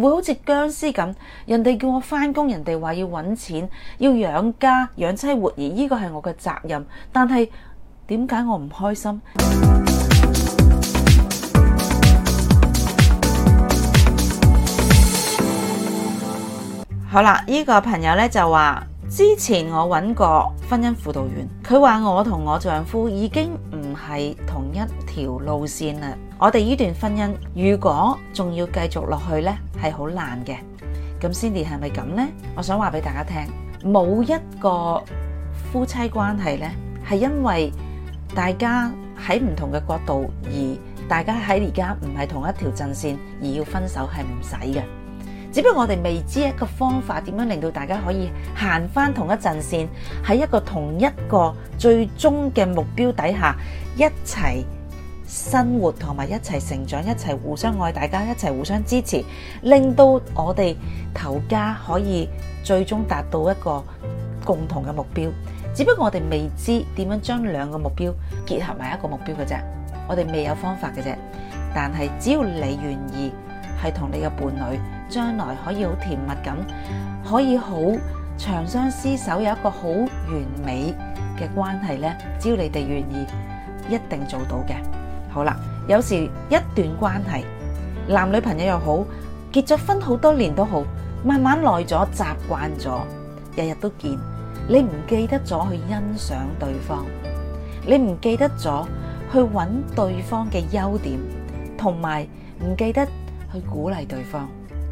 會好似僵屍咁，人哋叫我翻工，人哋話要搵錢，要養家、養妻活兒，呢個係我嘅責任。但係點解我唔開心？好啦，呢、呢個朋友呢就話，之前我搵過婚姻輔導員，佢話我同我丈夫已經。係同一條路線啦，我哋呢段婚姻如果仲要繼續落去呢，係好難嘅。咁 Cindy 係咪咁呢？我想話俾大家聽，冇一個夫妻關係呢，係因為大家喺唔同嘅角度而大家喺而家唔係同一條陣線而要分手係唔使嘅。只不過我哋未知一個方法點樣令到大家可以行返同一陣線，喺一個同一個最終嘅目標底下一齊生活同埋一齊成長，一齊互相愛，大家一齊互相支持，令到我哋頭家可以最終達到一個共同嘅目標。只不過我哋未知點樣將兩個目標結合埋一個目標嘅啫，我哋未有方法嘅啫。但係只要你願意係同你嘅伴侶。將來可以好甜蜜咁，可以好長相廝守，有一個好完美嘅關係呢。只要你哋願意，一定做到嘅。好啦，有時一段關係，男女朋友又好，結咗婚好多年都好，慢慢耐咗，習慣咗，日日都見，你唔記得咗去欣賞對方，你唔記得咗去搵對方嘅優點，同埋唔記得去鼓勵對方。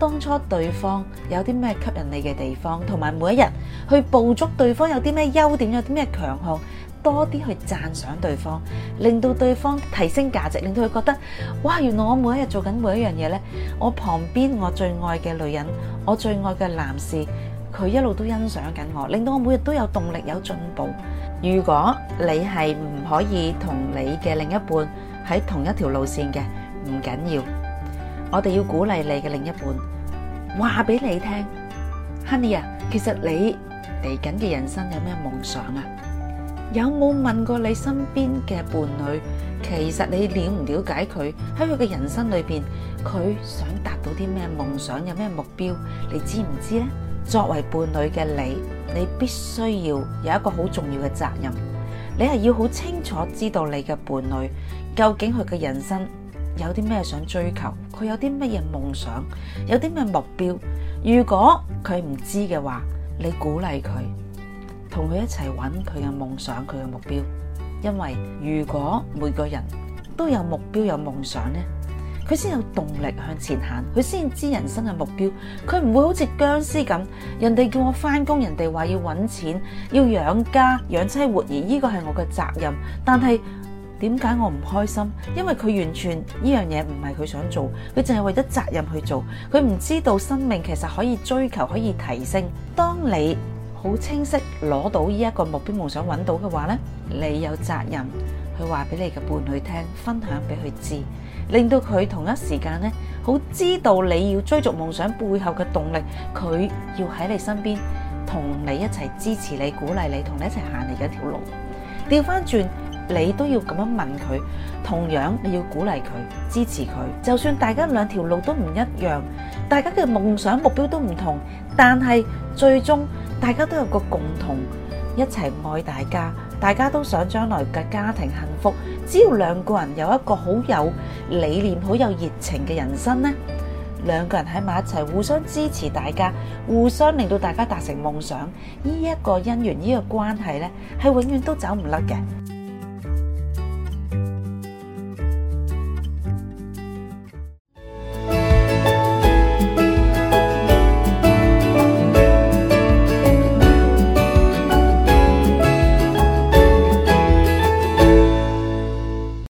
當初對方有啲咩吸引你嘅地方，同埋每一日去捕捉對方有啲咩優點，有啲咩強項，多啲去讚賞對方，令到對方提升價值，令到佢覺得，哇，原來我每一日做緊每一樣嘢呢。我旁邊我最愛嘅女人，我最愛嘅男士，佢一路都欣賞緊我，令到我每日都有動力有進步。如果你係唔可以同你嘅另一半喺同一條路綫嘅，唔緊要。我哋要鼓勵你嘅另一半，話俾你聽，Honey 啊，其實你嚟緊嘅人生有咩夢想啊？有冇問過你身邊嘅伴侶？其實你了唔了解佢喺佢嘅人生裏邊，佢想達到啲咩夢想，有咩目標？你知唔知呢？作為伴侶嘅你，你必須要有一個好重要嘅責任，你係要好清楚知道你嘅伴侶究竟佢嘅人生。有啲咩想追求？佢有啲乜嘢夢想？有啲咩目標？如果佢唔知嘅話，你鼓勵佢，同佢一齊揾佢嘅夢想、佢嘅目標。因為如果每個人都有目標、有夢想呢，佢先有動力向前行，佢先知人生嘅目標。佢唔會好似僵屍咁，人哋叫我翻工，人哋話要揾錢，要養家、養妻活兒，呢個係我嘅責任。但係，點解我唔開心？因為佢完全呢樣嘢唔係佢想做，佢淨係為咗責任去做。佢唔知道生命其實可以追求，可以提升。當你好清晰攞到呢一個目標夢想揾到嘅話呢，你有責任去話俾你嘅伴侶聽，分享俾佢知，令到佢同一時間呢好知道你要追逐夢想背後嘅動力，佢要喺你身邊同你一齊支持你、鼓勵你，同你一齊行你嘅一條路。調翻轉。你都要咁樣問佢，同樣你要鼓勵佢、支持佢。就算大家兩條路都唔一樣，大家嘅夢想、目標都唔同，但係最終大家都有個共同，一齊愛大家，大家都想將來嘅家庭幸福。只要兩個人有一個好有理念、好有熱情嘅人生呢，兩個人喺埋一齊，互相支持大家，互相令到大家達成夢想，呢一個姻緣呢個關係呢，係永遠都走唔甩嘅。